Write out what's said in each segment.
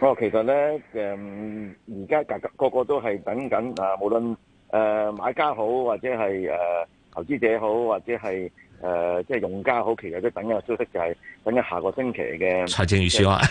我其實呢，誒，而家個個都係等緊啊，無論買家好，或者係投資者好，或者係。誒、呃，即係用家好奇，其實都等緊個消息，就係等緊下個星期嘅財政預算案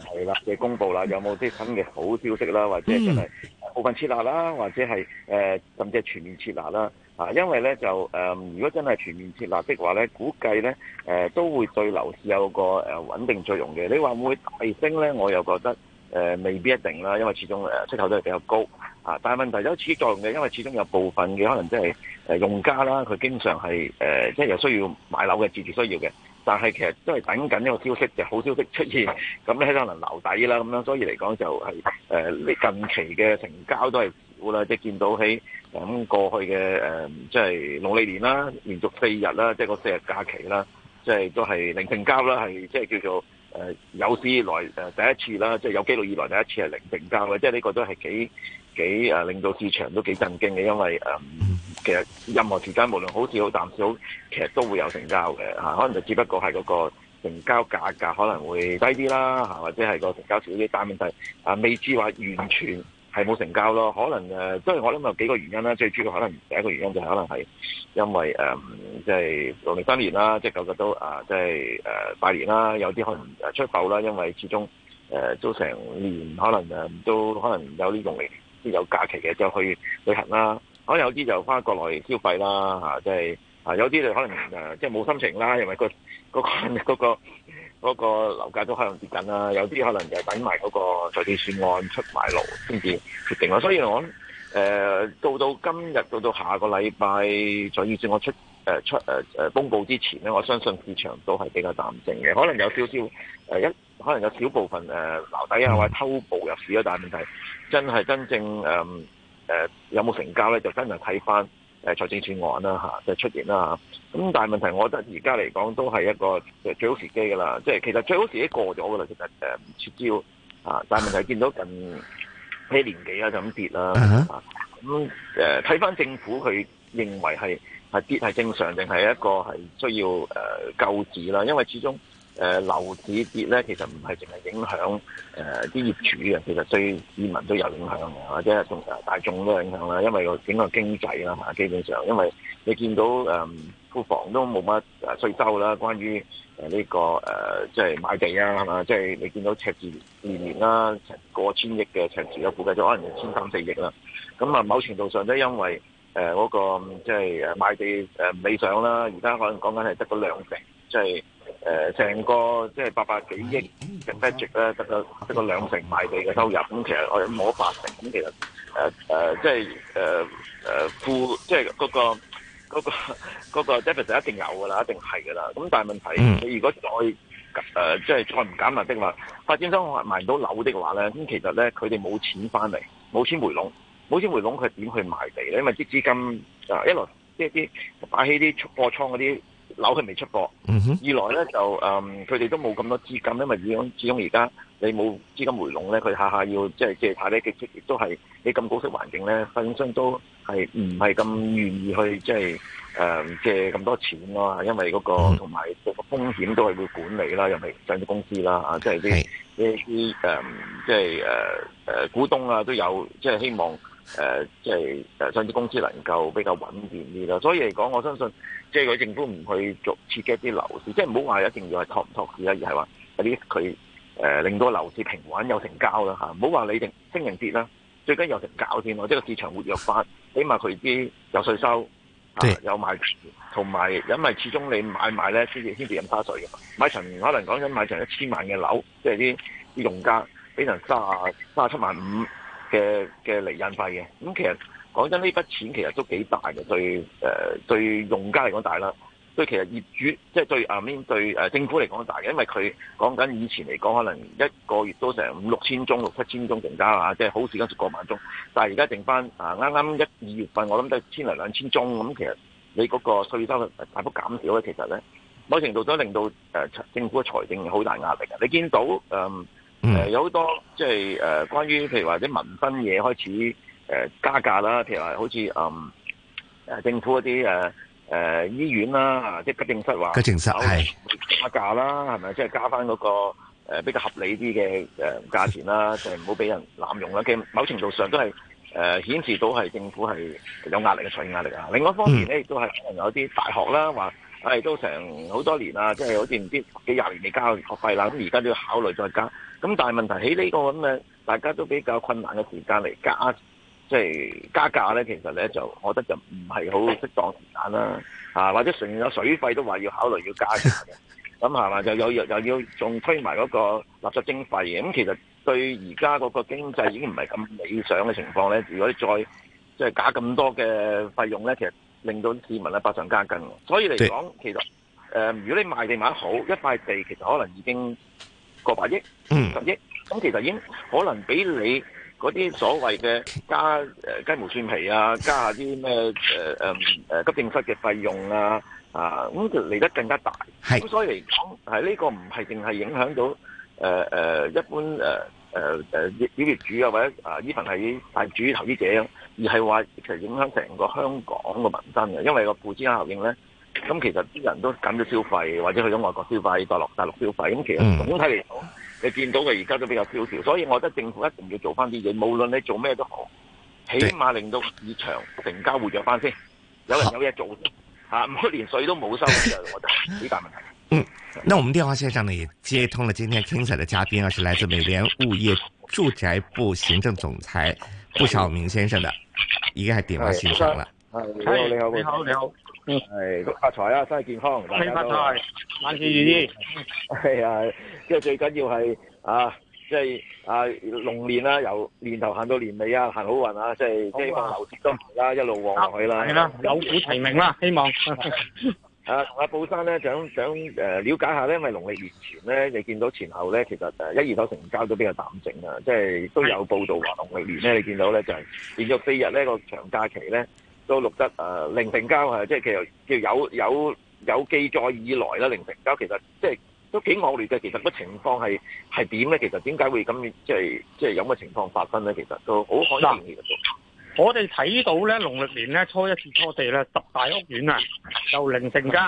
係啦，嘅公布啦，有冇啲新嘅好消息啦，或者真係部分撤辣啦，或者係誒、呃、甚至係全面撤辣啦。啊，因為咧就誒、呃，如果真係全面撤辣的話咧，估計咧誒都會對樓市有個誒穩、呃、定作用嘅。你話會唔會大升咧？我又覺得。誒、呃、未必一定啦，因為始終誒需求都係比較高啊！但係問題有刺激作用嘅，因為始終有部分嘅可能即係誒用家啦，佢經常係誒即係有需要買樓嘅，自住需要嘅。但係其實都係等緊呢個消息，就是、好消息出現，咁咧可能留底啦咁樣。所以嚟講就係、是呃、近期嘅成交都係少啦，即係見到喺咁、呃、過去嘅誒，即係農曆年啦，連續四日啦，即係個四日假期啦，即、就、係、是、都係零成交啦，係即係叫做。誒有史以來誒第一次啦，即係有紀錄以來第一次係零成交嘅，即係呢個都係幾幾誒令到市場都幾震驚嘅，因為誒、嗯、其實任何時間無論好市好、淡市好，其實都會有成交嘅、啊、可能就只不過係嗰個成交價格可能會低啲啦、啊、或者係個成交少啲，但問題啊未知話完全係冇成交咯，可能誒即係我諗有幾個原因啦，最主要可能第一個原因就係可能係因為誒。嗯即係農曆新年啦，即係個個都啊，即係誒拜年啦。有啲可能誒出售啦，因為始終誒都成年，可能誒都可能有啲用嚟，即有假期嘅就去旅行啦。可能有啲就翻國內消費啦，嚇即係啊，有啲就可能即係冇心情啦，因為、嗰個、嗰個、嗰個嗰個嗰個樓價都可能跌緊啦。有啲可能就等埋嗰個財政預算案出埋爐先至決定啦。所以我誒到、呃、到今日，到到下個禮拜再預算案出。誒出誒誒、呃呃、公布之前咧，我相信市場都係比較淡靜嘅，可能有少少誒一、呃，可能有少部分誒樓底啊，或者偷步入市啊。但係問題真係真正誒誒、呃呃、有冇成交咧，就真係睇翻誒財政處案啦嚇、啊，就出現啦咁、啊、但係問題，我覺得而家嚟講都係一個最好時機噶啦，即係其實最好時機過咗噶啦，其實誒撤招啊，但係問題見到近呢年幾啊就咁跌啦咁，誒睇翻政府佢認為係。係跌係正常定係一個係需要誒救治啦，因為始終誒、呃、樓市跌咧，其實唔係淨係影響誒啲、呃、業主嘅，其實對市民都有影響嘅，或者係同大眾都有影響啦。因為整個經濟啦，嘛基本上，因為你見到誒、嗯、庫房都冇乜稅收啦，關於誒、這、呢個誒即係買地啊，係嘛，即、就、係、是、你見到赤字連年啦，過千億嘅赤字，我估計就可能千三四億啦。咁啊，某程度上都因為。誒、呃，嗰、那個即係誒賣地誒未上啦，而家可能講緊係得個兩成，即係誒成個即係八百幾億嘅 budget 咧，得個得個兩成賣地嘅收入，咁、嗯嗯、其實我冇得八成，咁其實誒誒即係誒誒負，即係嗰個嗰、那個、那個那個 deficit 一定有噶啦，一定係噶啦。咁但係問題，你如果再誒即係再唔減埋的話，發展商買唔到樓的話咧，咁、嗯、其實咧佢哋冇錢翻嚟，冇錢回籠。好似回籠，佢點去買地咧？因為啲資金啊，一來即係啲擺起啲貨倉嗰啲樓，佢未出過、mm -hmm. 二來咧就佢哋、嗯、都冇咁多資金，因為始終始終而家你冇資金回籠咧，佢下下要即係、就是、借貸咧，亦亦都係你咁高息環境咧，券商都係唔係咁願意去即係誒借咁多錢咯，因為嗰、那個同埋、mm -hmm. 個風險都係會管理啦，又咪上市公司啦即係啲啲啲誒，即係誒誒股東啊都有即係、就是、希望。誒、呃，即係誒，甚至公司能夠比較穩健啲咯。所以嚟講，我相信即係佢政府唔去做刺激啲樓市，即係唔好話一定要係托唔托市啦，而係話啲佢誒令到樓市平穩有成交啦吓，唔好話你定升定跌啦，最緊有成交先咯，啊。即係個市場活躍翻，起碼佢啲有稅收，啊，有賣，同埋因為始終你買賣咧先至先至飲花水噶嘛。買層可能講緊買場一千萬嘅樓，即係啲用家俾人三啊三十七萬五。嘅嘅釐印費嘅，咁其實講真，呢筆錢其實都幾大嘅，對誒對用家嚟講大啦。對其實業主即係、就是、對啊面對政府嚟講大嘅，因為佢講緊以前嚟講，可能一個月都成五六千宗、六七千宗成交啊，即係好時間成過萬宗，但係而家剩翻啊啱啱一二月份，我諗都係千零兩千宗咁，其實你嗰個稅收大幅減少咧，其實咧某程度都令到誒政府嘅財政好大壓力嘅。你見到誒？嗯誒、嗯呃，有好多即係誒，關於譬如話啲民生嘢開始誒、呃、加價啦，譬如話好似誒政府一啲誒誒醫院啦，即係急症室話，急症室係加價啦，係咪即係加翻嗰、那個誒、呃、比較合理啲嘅誒價錢啦？ 就唔好俾人濫用啦。其某程度上都係誒顯示到係政府係有壓力嘅財政壓力啊。另外一方面咧，亦都係可能有啲大學啦，話誒、哎、都成好多年、就是、好年啦，即係好似唔知幾廿年未交學費啦，咁而家都要考慮再加。咁但係問題喺呢、這個咁嘅，大家都比較困難嘅時間嚟加，即、就、係、是、加價咧，其實咧就，我覺得就唔係好適當時間啦、啊，或者成有水費都話要考慮要加價嘅，咁係嘛？又又又要仲推埋嗰個垃圾徵費嘅，咁、嗯、其實對而家嗰個經濟已經唔係咁理想嘅情況咧，如果你再即係、就是、加咁多嘅費用咧，其實令到啲市民咧百上加斤，所以嚟講，其實、呃、如果你賣地買得好，一塊地其實可能已經。個百億、十億，咁其實已經可能畀你嗰啲所謂嘅加誒、呃、雞毛蒜皮啊，加下啲咩誒誒誒急症室嘅費用啊，啊咁嚟得更加大。咁所以嚟講，係呢個唔係淨係影響到誒誒、呃、一般誒誒誒業業主啊，或者啊依份係大業主投資者啊，而係話其實影響成個香港個民生嘅，因為個負資產效應咧。咁、嗯、其實啲人都減咗消費，或者去咗外國消費，再落大陸消費。咁其實總體嚟講，你見到嘅而家都比較蕭條，所以我覺得政府一定要做翻啲嘢，無論你做咩都好，起碼令到市場成交活躍翻先，有人有嘢做嚇，唔好、啊、連稅都冇收就冇得大問題。嗯， 那我們電話線上呢也接通了今天精彩的嘉賓，啊，是來自美聯物業住宅部行政總裁布少明先生的一個電話線上了。你好你好，你好你好，嗯，係，祝發財啊，身體健康，恭喜發財，萬事如意，係啊，即係最緊要係啊，即係啊，龍年啊，由年頭行到年尾啊，行好運啊，即係希望牛市今年啦、嗯、一路旺落去啦，係啦、啊啊，有股齊名啦，希望，啊，阿布生咧想想誒了解下咧，因為農曆年前咧，你見到前後咧，其實誒一二手成交都比較淡靜啊，即係都有報道話農曆年咧，你見到咧就係連續四日呢個長假期咧。都錄得誒、呃、零成交啊！即係其實，叫有有有記載以來啦，零成交其實即係都幾惡劣嘅。其實個情況係係點咧？其實點解會咁即係即係有嘅情況發生咧？其實都好可疑、啊、我哋睇到咧，農曆年咧初一至初四咧，十大屋苑啊，就零成交。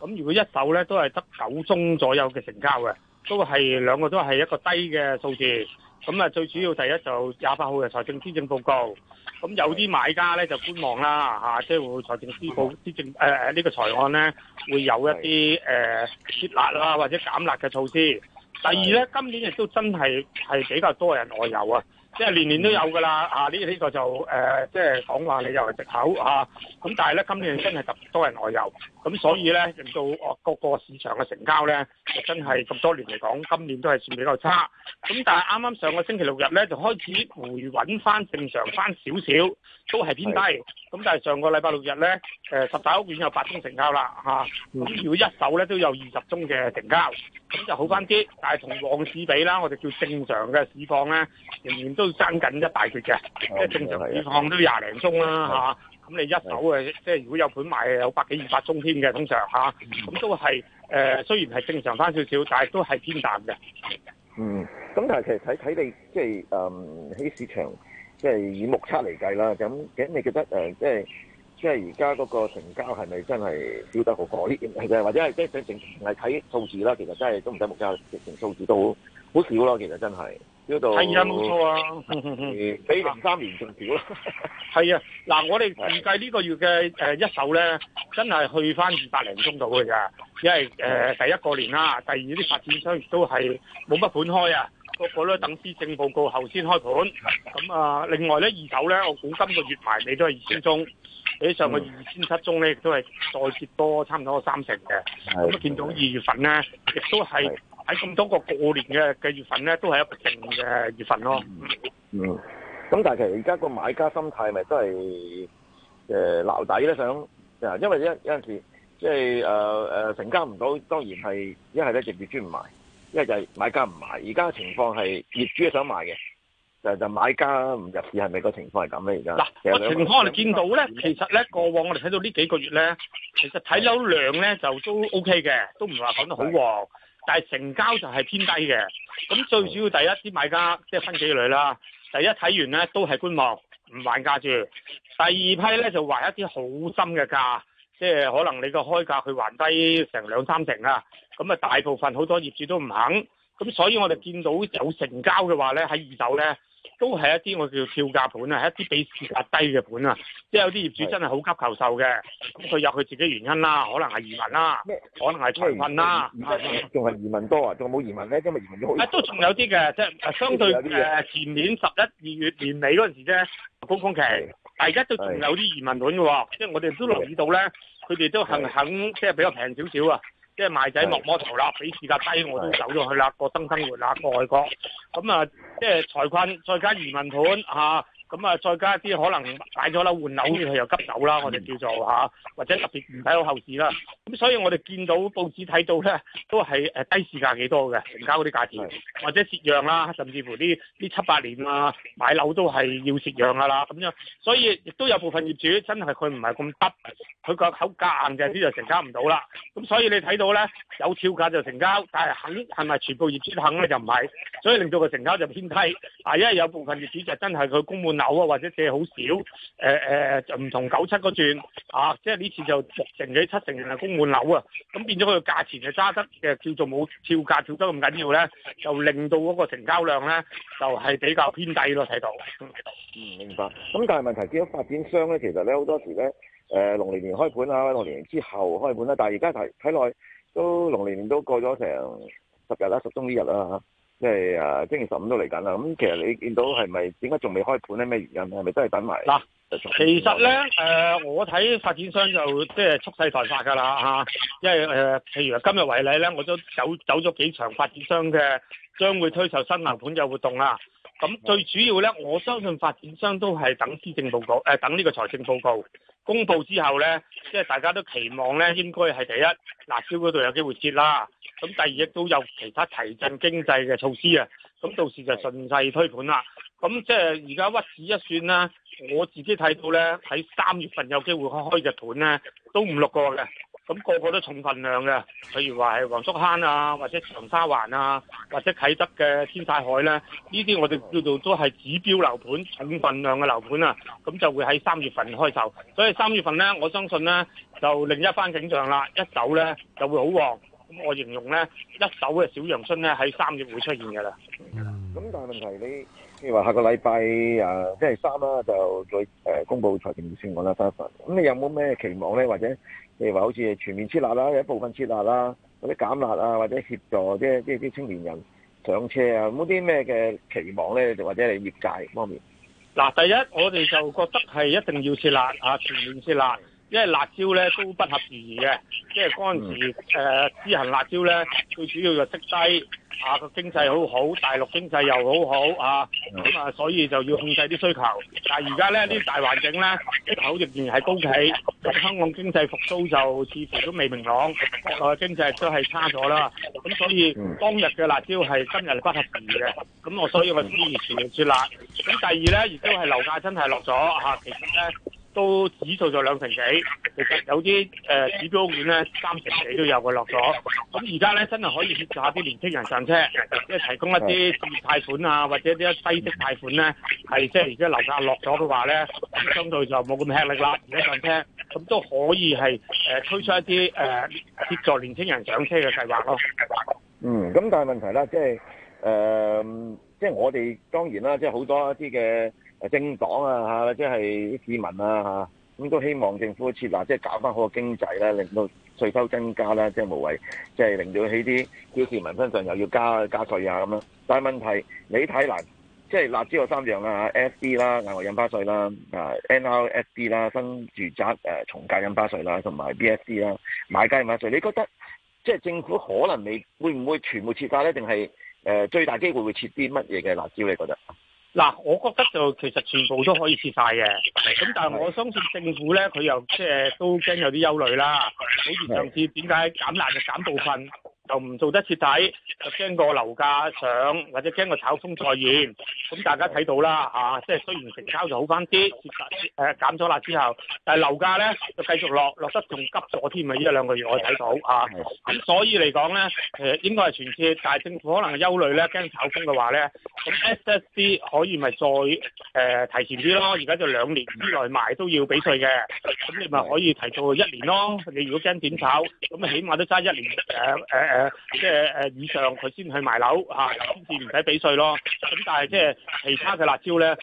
咁如果一手咧，都係得九宗左右嘅成交嘅，都係兩個都係一個低嘅數字。咁啊，最主要第一就廿八號嘅財政施政報告，咁有啲買家咧就觀望啦吓，即係會財政司部、財政誒，誒、這、呢個財案咧會有一啲誒撤辣啦或者減辣嘅措施。第二咧，今年亦都真係係比較多人外遊啊。即係年年都有㗎啦，啊呢呢、呢個呢個就誒即係講話你又係藉口啊，咁但係咧今年真係特別多人外遊，咁所以咧令到哦個個市場嘅成交咧，就真係咁多年嚟講，今年都係算比較差。咁但係啱啱上個星期六日咧，就開始回穩翻正常翻少少，都係偏低。咁但係上個禮拜六日咧，誒十大屋苑有八宗成交啦，嚇、嗯！咁如果一手咧都有二十宗嘅成交，咁就好翻啲。但係同旺市比啦，我哋叫正常嘅市況咧，仍然都爭緊一大截嘅，即、哦、正常市況都廿零宗啦，咁、啊、你一手即係、就是、如果有盤賣，有百幾二百宗添嘅，通常咁、啊嗯嗯、都係誒、呃，雖然係正常翻少少，但係都係偏淡嘅。嗯，咁但係其實睇睇你即係誒喺市場。即係以目測嚟計啦，咁咁你覺得誒即係即係而家嗰個成交係咪真係燒得好火熱嘅？或者係即係淨係睇數字啦，其實真係都唔使目測，直情數字都好少啦。其實真係燒到係啊，冇錯啊， 比零三年仲少啦。係 啊，嗱，我哋預計呢個月嘅誒一手咧，真係去翻二百零宗度㗎咋，因為誒第一個年啦，第二啲發展商都係冇乜盤開啊。個個咧等施政報告後先開盤，咁啊，另外咧二手咧，我估今個月埋尾都係二千宗，比起上個月二千七宗咧，亦都係再跌多差唔多三成嘅。咁、嗯、見到二月份咧，亦都係喺咁多個過年嘅嘅月份咧，都係一個靜嘅月份咯。嗯，咁、嗯嗯、但係其實而家個買家心態咪都係誒撈底咧，想因為有有陣時即係誒誒成交唔到，當然係一係咧直接專唔賣。一就係買家唔買，而家嘅情況係業主想賣嘅，就就係、買家唔入市係咪個情況係咁咧？而家嗱個情況我哋見到咧，其實咧過往我哋睇到呢幾個月咧，其實睇樓量咧就都 O K 嘅，都唔係話講得好旺，但係成交就係偏低嘅。咁最主要第一啲買家即係、就係、分幾類啦，第一睇完咧都係觀望，唔還價住；第二批咧就還一啲好深嘅價。即係可能你個開價佢還低成兩三成啦，咁啊大部分好多業主都唔肯，咁所以我哋見到有成交嘅話咧，喺二手咧都係一啲我叫跳價盤啊，係一啲比市價低嘅盤啊，即係有啲業主真係好急求售嘅，咁佢有佢自己原因啦，可能係移民啦，可能係村民啦，仲係移民多啊，仲冇移民咧，因為移民好都仲有啲嘅，即係相對誒、呃、前年十一二月年尾嗰陣時啫高峰期。大家都仲有啲移民盤㗎喎，即係我哋都留意到咧，佢哋都行肯，肯，即係比較平少少啊，即係賣仔落摩頭啦，比市價低我都走咗去啦，過生生活啦，外國咁啊、嗯，即係財困，再加移民盤、啊咁啊，再加啲可能買咗樓換樓，佢又急走啦。我哋叫做吓，或者特別唔睇好後市啦。咁所以我哋見到報紙睇到咧，都係誒低市價幾多嘅成交嗰啲價錢，或者蝕讓啦，甚至乎呢呢七八年啊買樓都係要蝕讓噶啦。咁樣，所以亦都有部分業主真係佢唔係咁得，佢個口硬嘅啲就成交唔到啦。咁所以你睇到咧，有跳價就成交，但係肯係咪全部業主肯咧就唔係，所以令到個成交就偏低。啊，因為有部分業主就真係佢供滿。樓啊，或者借好少，誒、呃、誒、呃，就唔同九七嗰轉啊，即係呢次就成咗七成人滿，係供滿樓啊，咁變咗佢個價錢係揸得嘅，叫做冇跳價跳得咁緊要咧，就令到嗰個成交量咧就係、是、比較偏低咯，睇到，嗯，明白。咁但係問題，至於發展商咧，其實咧好多時咧，誒、呃，龍年年開盤啊，龍年年之後開盤啦，但係而家睇睇落都龍年年都過咗成十日啦，十中呢日啦即係誒，星期十五都嚟緊啦。咁其實你見到係咪？點解仲未開盤咧？咩原因咧？係咪都係等埋嗱？其實咧誒、呃，我睇發展商就即係蓄勢待發噶啦吓。因為誒、呃，譬如今日為例咧，我都走走咗幾場發展商嘅將會推售新樓盤嘅活動啦。咁最主要咧，我相信發展商都係等施政報告，誒、呃、等呢個財政報告公佈之後咧，即係大家都期望咧，應該係第一，辣招嗰度有機會撤啦。咁第二亦都有其他提振經濟嘅措施啊。咁到時就順勢推盤啦。咁即係而家屈指一算啦，我自己睇到咧，喺三月份有機會開嘅盤咧，都五六個嘅。咁個個都重份量嘅，譬如話係黃竹坑啊，或者長沙灣啊，或者啟德嘅天璽海咧，呢啲我哋叫做都係指標樓盤、重份量嘅樓盤啊，咁就會喺三月份開售。所以三月份咧，我相信咧就另一番景象啦，一手咧就會好旺。咁我形容咧，一手嘅小陽春咧喺三月會出現㗎啦。咁但係問題你，譬如話下個禮拜誒，即係三啦，就再誒公佈財政預算案啦，三月份。咁你有冇咩期望咧，或者？譬如話，好似全面撤辣啦，有一部分撤辣啦，或者減辣啊，或者協助啲啲啲青年人上車啊，冇啲咩嘅期望咧，或者係業界方面。嗱，第一我哋就覺得係一定要撤辣啊，全面撤辣，因為辣招咧都不合時宜嘅，即係嗰陣時誒施行辣招咧，最主要就息低。啊，個經濟好好，大陸經濟又好好啊，咁啊，所以就要控制啲需求。但係而家咧，啲大環境咧，出口仍然係高企，咁香港經濟復甦就似乎都未明朗，國內經濟都係差咗啦。咁所以當日嘅辣椒係今日不合時嘅，咁我所以我之前全面撤辣。咁第二咧，亦都係樓價真係落咗啊，其實咧都指數就兩成幾。其實有啲誒指標屋苑呢，咧，三成幾都有個落咗。咁而家咧真係可以協助下啲年輕人上車，即係提供一啲月貸款啊，或者啲低息貸款咧，係即係而家樓價落咗嘅話咧，相對就冇咁吃力啦而家上車，咁都可以係誒、呃、推出一啲誒、呃、協助年輕人上車嘅計劃咯。嗯，咁但係問題咧，即係誒，即、呃、係、就是、我哋當然啦，即係好多一啲嘅政黨啊嚇，即係啲市民啊咁都希望政府設立，即係搞翻好個經濟啦，令到稅收增加啦，即係無謂，即係令到起啲小市民身上又要加加稅啊咁樣。但係問題你睇嗱，即係辣椒有三樣啦 S S D 啦，額外印花稅啦，啊 N R S D 啦，新住宅誒重價印花稅啦，同埋 B S D 啦，買家印花稅。你覺得即係政府可能你會唔會全部設曬咧，定係誒最大機會會設啲乜嘢嘅辣椒？你覺得？嗱，我覺得就其實全部都可以撤晒嘅，咁但係我相信政府咧，佢又即係都驚有啲憂慮啦，好似上次點解減辣就減部分？就唔做得徹底，就驚個樓價上，或者驚個炒風再現。咁大家睇到啦嚇，即係雖然成交就好翻啲，誒減咗啦之後，但係樓價咧就繼續落，落得仲急咗添啊！依一兩個月我睇到嚇，咁所以嚟講咧誒應該係全撤，但係政府可能係憂慮咧，驚炒風嘅話咧，咁 SSD 可以咪再誒提前啲咯？而家就兩年之內賣都要俾稅嘅，咁你咪可以提到一年咯。你如果驚點炒，咁啊起碼都揸一年誒誒誒。誒，即係誒以上，佢先去埋樓嚇，先至唔使俾稅咯。咁但係即係其他嘅辣招咧，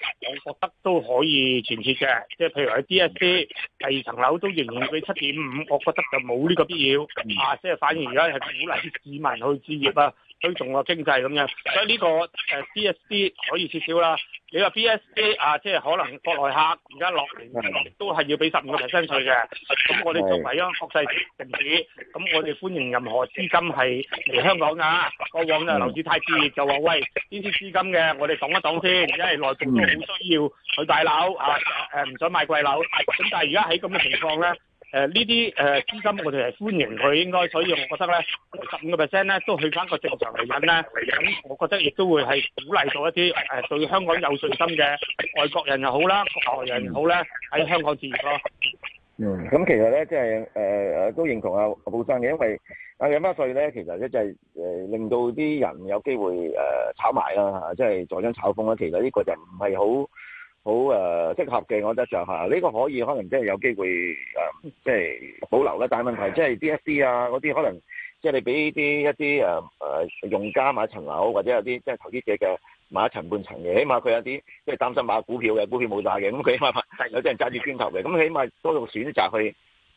我覺得都可以存設嘅。即係譬如喺 DSC 第二層樓都仍然俾七點五，我覺得就冇呢個必要啊。即係反而而家係鼓勵啲市民去置業啦、啊。推動個經濟咁樣，所以呢、呢個誒 B、呃、S D 可以撤銷啦。你話 B S D 啊，即係可能國內客而家落嚟都係要俾十五個 percent 稅嘅。咁我哋作為一個國際城市，咁我哋歡迎任何資金係嚟香港啊，過往樓就樓市太熱就話喂，呢啲資金嘅我哋擋一擋先，因為內地都好需要去大樓啊誒，唔、啊啊、想買貴樓。咁但係而家喺咁嘅情況咧。誒呢啲誒資金，我哋係歡迎佢，應該，所以我覺得咧，十五個 percent 咧都去翻個正常嚟引啦，咁我覺得亦都會係鼓勵到一啲誒對香港有信心嘅外國人又好啦，國外人又好咧喺香港置業咯。嗯，咁其實咧，即係誒都認同啊，布生嘅，因為啊減翻稅咧，其實咧就係誒令到啲人有機會誒炒賣啦嚇，即係再將炒風咧，其實呢個就唔係好。好誒適合嘅我覺得上下，呢、這個可以，可能真係有機會誒，即、嗯、係、就是、保留啦。但係問題即係、就是、D S D 啊，嗰啲可能即係、就是、你俾啲一啲誒、嗯、用家買層樓，或者有啲即係投資者嘅買一層半層嘅，起碼佢有啲即係擔心買股票嘅，股票冇賺嘅，咁佢起碼有啲人揸住磚頭嘅，咁起碼多度選擇去。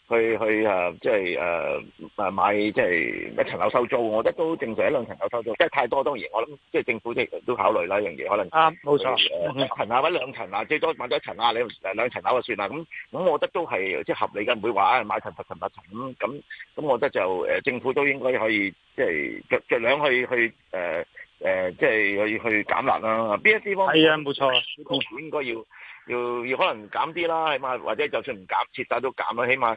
去去誒，即係誒誒買即係、就是、一層樓收租，我覺得都正常一兩層樓收租，即係太多當然，我諗即係政府都考慮啦呢樣嘢，可能啊冇錯,錯，一層啊或者兩層啊，最多買咗一層啊，兩兩層樓就算啦。咁咁我覺得都係即係合理嘅，唔會話買買層層層十咁咁咁我覺得就、呃、政府都應該可以即係盡儘量去去誒即係去去減壓啦。邊一啲方？係啊，冇錯，鋪、嗯、錢應該要要要,要可能減啲啦，起碼或者就算唔減，撤辣都減啦，起碼。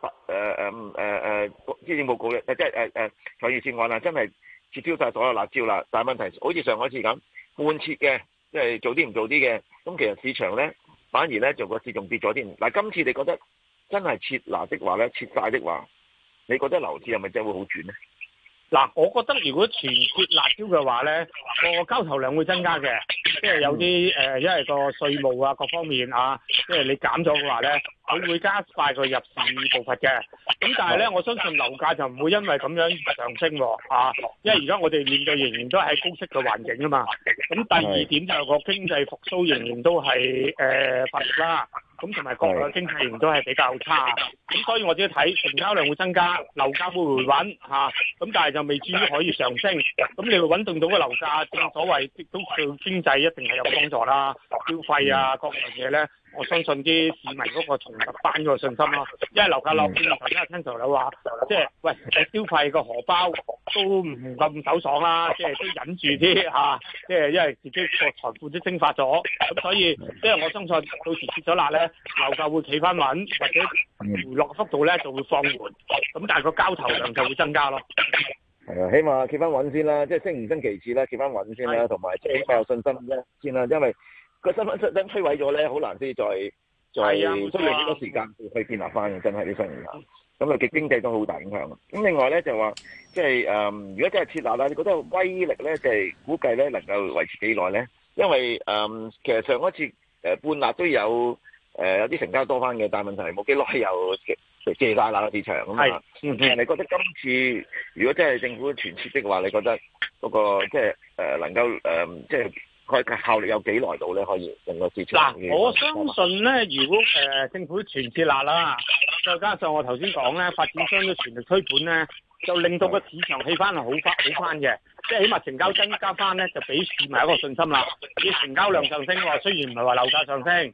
誒誒誒誒，啲政務局誒即係誒誒，上一次真係撤銷晒所有辣椒啦，但係問題好似上一次咁半切嘅，即係做啲唔做啲嘅，咁其實市場咧反而咧就個市仲跌咗啲。嗱，今次你覺得真係撤辣的話咧，撤晒的話，你覺得樓市係咪真係會好轉咧？嗱，我覺得如果全切辣椒嘅話咧，個交投量會增加嘅，即係有啲誒，因為個稅務啊各方面啊，即係你減咗嘅話咧，佢會加快佢入市步伐嘅，咁但係咧，我相信樓價就唔會因為咁樣上升喎、啊，啊，因為而家我哋面對仍然都係高息嘅環境啊嘛。咁第二點就係個經濟復甦仍然都係誒發力啦，咁同埋國內經濟仍然都係比較差。咁所以我自己睇成交量會增加，樓價會回穩嚇，咁、啊、但係就未至於可以上升。咁你穩定到個樓價，正所謂都對經濟一定係有幫助啦，消費啊各樣嘢咧。我相信啲市民嗰個重拾翻嗰信心咯，因為樓價落跌，大、嗯、家聽到佬話，即、就、係、是、喂，消費個荷包都唔咁手爽啦，即、嗯、係、就是、都忍住啲，即係因為自己個財富都蒸發咗，咁所以即係、就是、我相信到時跌咗落咧，樓價會企翻穩，或者回落幅度咧就會放緩，咁但係個交投量就會增加咯。係啊，起碼企翻穩先啦，即係升唔升其次啦，企翻穩先啦，同埋即係起碼有信心先啦，因為。個新聞真真摧毀咗咧，好難先再再出嚟幾多時間去建立翻真係啲生意咁啊，極經濟都好大影響。咁另外咧就話，即係誒，如果真係撤辣啦，你覺得威力咧，即係估計咧，能夠維持幾耐咧？因為誒、呃，其實上一次誒、呃、半辣都有誒、呃、有啲成交多翻嘅，但係問題冇幾耐又借晒喇市場咁啊。嗯。你覺得今次如果真係政府全撤的嘅話，你覺得嗰個即係誒能夠誒即係？呃就是佢嘅效力有幾耐到咧？可以用個市場、嗯、我相信咧，如果誒、呃、政府全撤辣啦，再加上我頭先講咧，發展商嘅全力推盤咧，就令到個市場氣氛係好，好翻好翻嘅，即係起碼成交增加翻咧，就俾市民一個信心啦。啲成交量上升嘅話，我雖然唔係話樓價上升，咁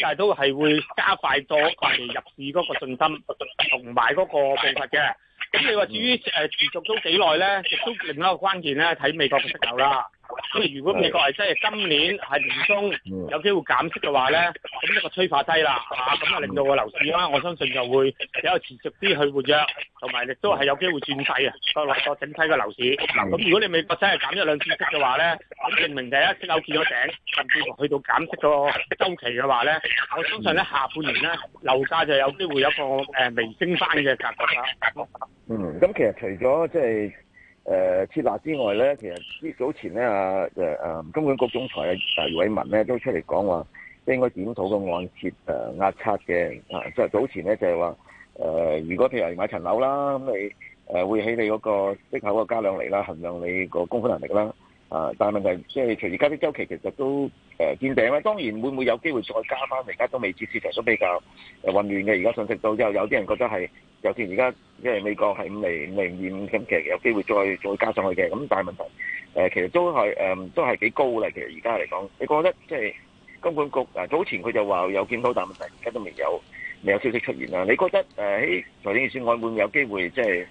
但係都係會加快咗佢哋入市嗰個信心同埋嗰個步伐嘅。咁你話至於誒持續咗幾耐咧，亦都另一個關鍵咧，睇美國嘅息口啦。咁如果美國係真係今年係年中有機會減息嘅話咧，咁、嗯、呢個催化劑啦，嚇咁啊令到個樓市啦，我相信就會比較持續啲去活躍，同埋亦都係有機會轉勢啊落個整體嘅樓市。咁、嗯、如果你美國真係減咗兩次息嘅話咧，咁證明第一息口見咗頂，甚至乎去到減息個週期嘅話咧，我相信咧下半年咧樓價就有機會有一個誒微升翻嘅格局啦。嗯，咁其實除咗即係。誒、呃、設立之外咧，其實啲早前咧啊誒、啊，金管局總裁啊余偉文咧都出嚟講話，應該檢討個按揭壓測嘅啊，即係早前咧就係、是、話、呃、如果譬如買層樓啦，咁你、啊、會喺你嗰個息口嗰加兩釐啦，衡量你個供款能力啦。啊！但係問題即係，隨而家啲周期其實都誒見頂啦。當然會唔會有機會再加翻？而家都未知市場都比較混亂嘅。而家信息到之後有啲人覺得係，尤其而家即係美國係零未完，咁其實有機會再再加上去嘅。咁大問題誒，其實都係誒、嗯，都係幾高啦。其實而家嚟講，你覺得即係公管局早前佢就話有檢討，但問題而家都未有未有消息出現啦。你覺得誒喺財政預算案會唔會有機會即係？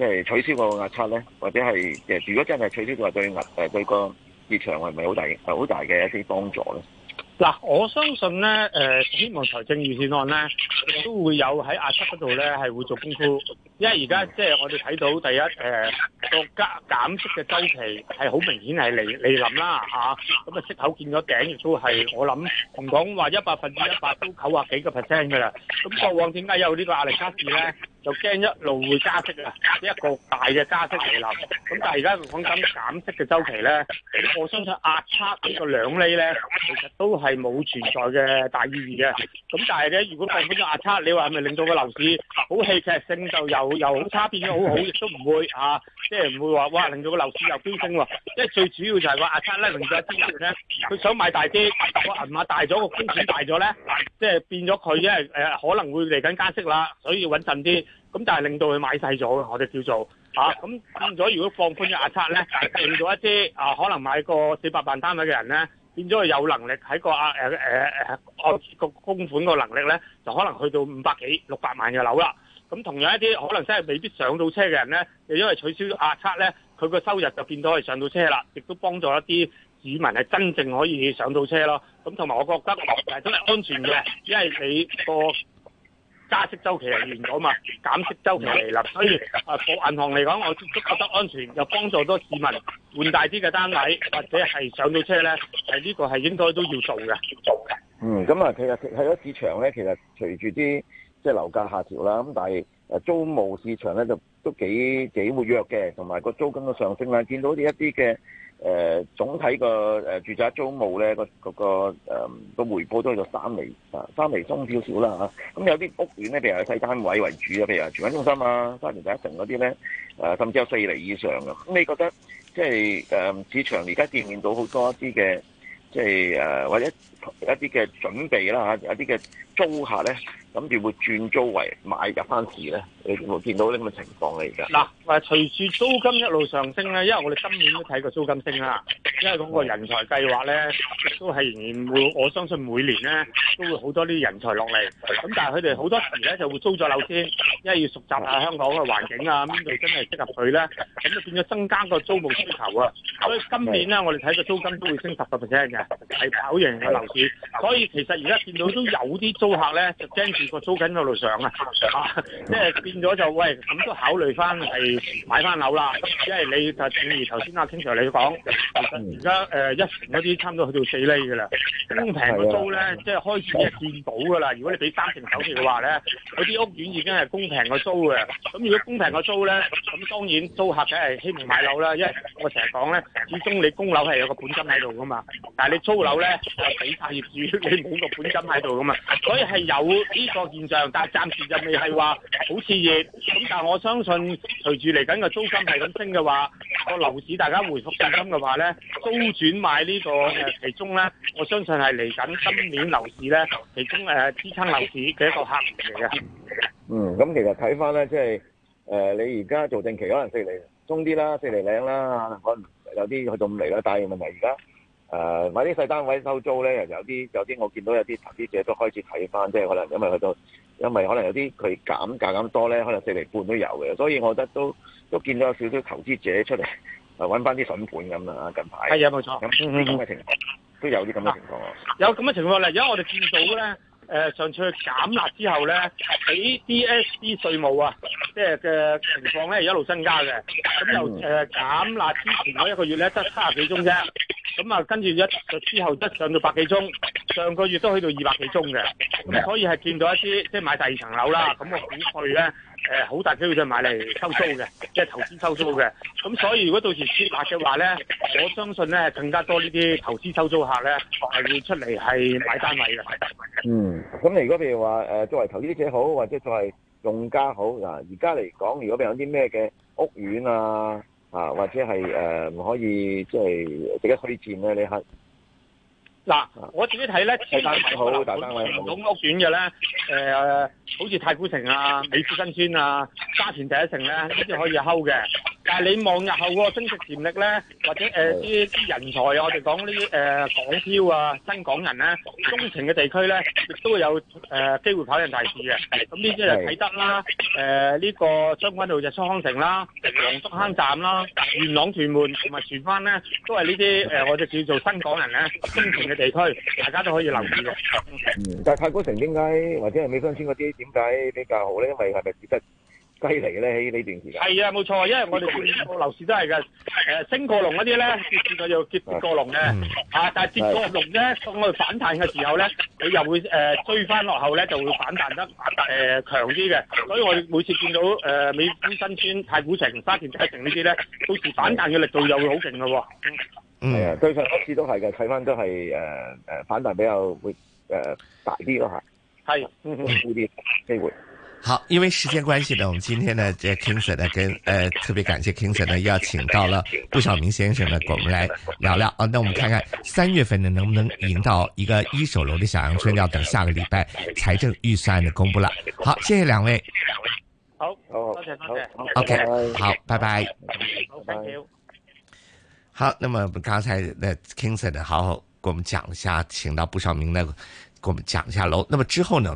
即係取消個壓測咧，或者係誒，如果真係取消，話對壓誒對個市場係咪好大好大嘅一啲幫助咧？嗱，我相信咧誒、呃，希望財政預算案咧都會有喺壓測嗰度咧係會做功夫，因為而家即係我哋睇到第一誒個減減息嘅週期係好明顯係嚟嚟臨啦吓，咁啊那息口見咗頂亦都係我諗同講話一百分之一百都九啊幾個 percent 㗎啦，咁過往點解有呢個壓力測試咧？就驚一路會加息啊！一個大嘅加息嚟臨，咁但係而家講緊減息嘅周期咧，我相信壓差呢個兩厘咧，其實都係冇存在嘅大意義嘅。咁但係咧，如果放翻咗壓差，你話係咪令到個樓市好戲劇性就又又好差變咗好好，亦都唔會啊，即係唔會話哇，令到個樓市又飆升喎。即係最主要就係、是、話壓差咧，令到一啲人咧，佢想買大啲個銀碼大咗，個金子大咗咧，即、就、係、是、變咗佢，因、呃、為可能會嚟緊加息啦，所以要穩陣啲。咁但係令到佢買細咗，我哋叫做嚇咁、啊、變咗。如果放寬咗壓測咧，令到一啲啊，可能買個四百萬單位嘅人咧，變咗有能力喺個公供、啊啊啊啊、供款個能力咧，就可能去到五百幾六百萬嘅樓啦。咁、啊、同樣一啲可能真係未必上到車嘅人咧，又因為取消壓測咧，佢個收入就變咗係上到車啦，亦都幫助一啲市民係真正可以上到車咯。咁同埋我覺得係都係安全嘅，因為你個。加息周期係完咗嘛，減息周期嚟啦，所以啊，銀行嚟講，我都覺得安全，又幫助多市民換大啲嘅單位或者係上到車咧，係呢個係應該都要做嘅，做嘅。嗯，咁啊，其實喺咗市場咧，其實隨住啲即係樓價下調啦，咁但係租務市場咧就都幾幾活躍嘅，同埋個租金嘅上升啦，見到呢一啲嘅。誒總體個誒住宅租務咧，嗰個、嗰個個誒、嗰個回報都去到三厘，啊，三厘鬆少少啦嚇。咁有啲屋苑咧，譬如係細單位為主啊，譬如係荃灣中心啊、沙田第一城嗰啲咧，誒甚至有四厘以上嘅。咁你覺得即係誒市場而家見唔見到好多一啲嘅，即係誒或者。一啲嘅準備啦、啊、嚇，有啲嘅租客咧，咁就會轉租為買入翻市咧，你會見到呢咁嘅情況嚟㗎。嗱，隨住租金一路上升咧，因為我哋今年都睇過租金升啦，因為嗰個人才計劃咧，都係仍然會。我相信每年咧都會好多啲人才落嚟。咁但係佢哋好多時咧就會租咗樓先，因為要熟習下香港嘅環境啊，咁就真係適合佢咧。咁就變咗增加個租務需求啊。所以今年咧，我哋睇個租金都會升十個 percent 嘅，係跑贏嘅樓。所以其實而家見到都有啲租客咧，就驚住個租緊喺度上啊，即、啊、係、就是、變咗就喂，咁都考慮翻係買翻樓啦。因為你就正如頭先阿 King Sir 你講，而家、啊呃、一成嗰啲差唔多去到四厘㗎啦，公平嘅租咧、嗯，即係開始已經見到㗎啦。如果你俾三成首期嘅話咧，嗰啲屋苑已經係公平嘅租嘅。咁、嗯、如果公平嘅租咧，咁當然租客梗係希望買樓啦，因為我成日講咧，始終你供樓係有個本金喺度㗎嘛。但係你租樓咧就俾。大業主你冇個本金喺度咁嘛。所以係有呢個現象，但係暫時就未係話好熾熱。咁但係我相信，隨住嚟緊嘅租金係咁升嘅話，個樓市大家回復信心嘅話咧，租轉買呢個誒，其中咧，我相信係嚟緊今年樓市咧，其中誒支撐樓市嘅一個客源嚟嘅。嗯，咁其實睇翻咧，即係誒，你而家做定期可能四厘，中啲啦，四厘零啦，可能可能有啲去到五厘啦。但係問題而家。誒、呃、買啲細單位收租咧，又有啲有啲我見到有啲投資者都開始睇翻，即係可能因為佢都因為可能有啲佢減價咁多咧，可能四厘半都有嘅，所以我覺得都都見到有少少投資者出嚟搵返翻啲筍盤咁啦，近排係啊，冇錯，咁咁嘅情況都有啲咁嘅情況，嗯、有咁嘅情況咧，而、啊、家我哋見到咧。誒、呃、上次去減辣之後咧，喺 DSD 稅務啊，即係嘅情況咧，一路增加嘅。咁又誒減辣之前，我一個月咧得七十幾宗啫。咁啊，跟住一之後得上到百幾宗，上個月都去到二百幾宗嘅，咁所以係見到一啲即係買第二層樓啦。咁我點去咧？誒，好大機會就買嚟收租嘅，即係投資收租嘅。咁所以如果到時跌落嘅話咧，我相信咧更加多呢啲投資收租客咧，係會出嚟係買單位嘅。嗯，咁你如果譬如話誒，作為投資者好，或者作為用家好，嗱，而家嚟講，如果譬如有啲咩嘅屋苑啊，呃、啊，或者係誒可以即係值得推薦咧，你係？嗱，我自己睇咧，係好大單位好。傳統屋苑嘅咧，誒、呃，好似太古城啊、美孚新村啊、沙田第一城咧，呢啲可以睺嘅。但係你望日後嗰個升值潛力咧，或者誒啲啲人才，我哋講啲誒港漂啊、新港人咧、啊，中情嘅地區咧，亦都會有誒、呃、機會跑、嗯、人大市嘅。咁呢啲就啟德啦。誒呢個將軍澳嘅康城啦、龍竹坑站啦、啊、元朗屯門同埋荃灣咧，都係呢啲誒我哋叫做新港人咧、啊，中情嘅地區，大家都可以留意嘅、嗯。但係太古城點解或者係美鄉村嗰啲點解比較好咧？因為係咪值得？犀利嘅咧，喺呢段時間，係啊冇錯，因為我哋見到樓市都係嘅，誒、呃、升過龍嗰啲咧跌跌就跌跌過龍嘅、嗯，啊但係跌過龍咧，當我哋反彈嘅時候咧，佢又會、呃、追翻落後咧，就會反彈得誒、呃、強啲嘅，所以我哋每次見到誒、呃、美孚新邨、太古城、沙田第一城呢啲咧，到時反彈嘅力度又會好勁嘅喎。係啊，最近多次都係嘅，睇翻都係誒誒反彈比較會誒、呃、大啲咯嚇，係啲、嗯嗯、機會。好，因為時間關係呢，我們今天呢，這 Kingsir 跟呃特別感謝 Kingsir 邀請到了布少明先生呢，跟我們來聊聊啊、哦。那我們看看三月份呢，能不能贏到一個一手樓的小陽春？要等下個禮拜財政預算案的公佈了。好，謝謝兩位。好，多謝多謝，謝、謝、謝、謝。OK，好，拜拜。好，那麼我們那麼剛才的 Kingsir 好好給我們講一下，請到布少明那個給我們講一下樓。那麼之後呢？